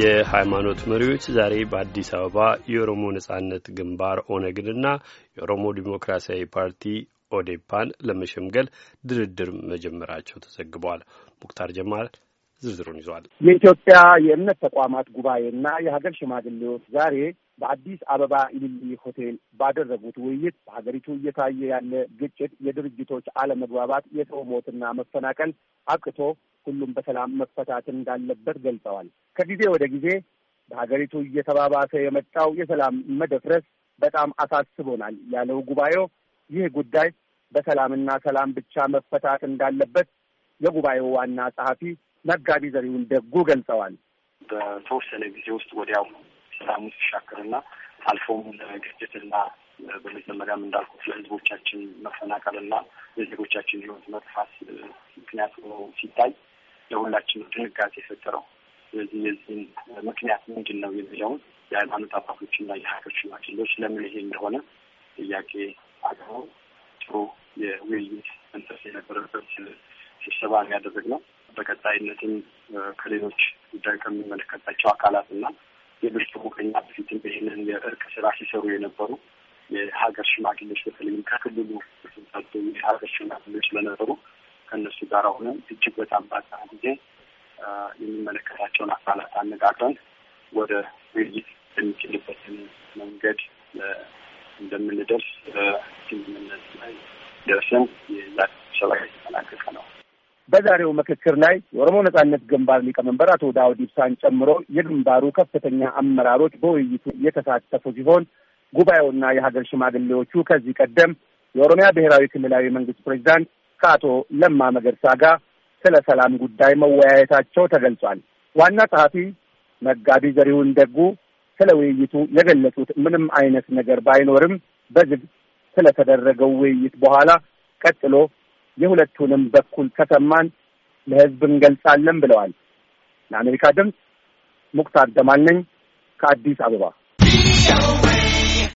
የሃይማኖት መሪዎች ዛሬ በአዲስ አበባ የኦሮሞ ነጻነት ግንባር ኦነግንና የኦሮሞ ዲሞክራሲያዊ ፓርቲ ኦዴፓን ለመሸምገል ድርድር መጀመራቸው ተዘግቧል። ሙክታር ጀማል ዝርዝሩን ይዟል። የኢትዮጵያ የእምነት ተቋማት ጉባኤና የሀገር ሽማግሌዎች ዛሬ በአዲስ አበባ ኢሊሊ ሆቴል ባደረጉት ውይይት በሀገሪቱ እየታየ ያለ ግጭት፣ የድርጅቶች አለመግባባት፣ የሰው ሞትና መፈናቀል አብቅቶ ሁሉም በሰላም መፈታት እንዳለበት ገልጸዋል። ከጊዜ ወደ ጊዜ በሀገሪቱ እየተባባሰ የመጣው የሰላም መደፍረስ በጣም አሳስቦናል ያለው ጉባኤው ይህ ጉዳይ በሰላምና ሰላም ብቻ መፈታት እንዳለበት የጉባኤው ዋና ጸሐፊ መጋቢ ዘሪሁን ደጉ ገልጸዋል። በተወሰነ ጊዜ ውስጥ ወዲያው ሰላሙ ሲሻክርና አልፎም ለግጭትና በመጀመሪያም እንዳልኩት ለህዝቦቻችን መፈናቀልና ለዜጎቻችን ህይወት መጥፋት ምክንያት ሆኖ ሲታይ ለሁላችን ድንጋጤ የፈጠረው። ስለዚህ የዚህን ምክንያት ምንድን ነው የሚለውን የሃይማኖት አባቶችና የሀገር ሽማግሌዎች ለምን ይሄ እንደሆነ ጥያቄ አቅርበው ጥሩ የውይይት መንፈስ የነበረበት ስብሰባ ነው በቀጣይነትም ከሌሎች ጉዳይ ከሚመለከታቸው አካላትና የብርቱ ሙቀኛ በፊትም ይህንን የእርቅ ስራ ሲሰሩ የነበሩ የሀገር ሽማግሌዎች በተለይም ከክልሉ የሀገር ሽማግሌዎች ስለነበሩ ከእነሱ ጋር ሆነን እጅግ በጣም ባጠረ ጊዜ የሚመለከታቸውን አካላት አነጋግረን ወደ ውይይት የሚችልበትን መንገድ እንደምንደርስ ስምምነት ላይ ደርሰን የስብሰባ የተጠናቀቀ ነው። በዛሬው ምክክር ላይ የኦሮሞ ነጻነት ግንባር ሊቀመንበር አቶ ዳውድ ኢብሳን ጨምሮ የግንባሩ ከፍተኛ አመራሮች በውይይቱ የተሳተፉ ሲሆን ጉባኤውና የሀገር ሽማግሌዎቹ ከዚህ ቀደም የኦሮሚያ ብሔራዊ ክልላዊ መንግስት ፕሬዚዳንት ከአቶ ለማ መገርሳ ጋር ስለ ሰላም ጉዳይ መወያየታቸው ተገልጿል። ዋና ጸሐፊ መጋቢ ዘሪሁን ደጉ ስለ ውይይቱ የገለጹት ምንም አይነት ነገር ባይኖርም በዝግ ስለተደረገው ውይይት በኋላ ቀጥሎ የሁለቱንም በኩል ከሰማን ለህዝብ እንገልጻለን ብለዋል። ለአሜሪካ ድምፅ ሙክታር ጀማል ነኝ ከአዲስ አበባ።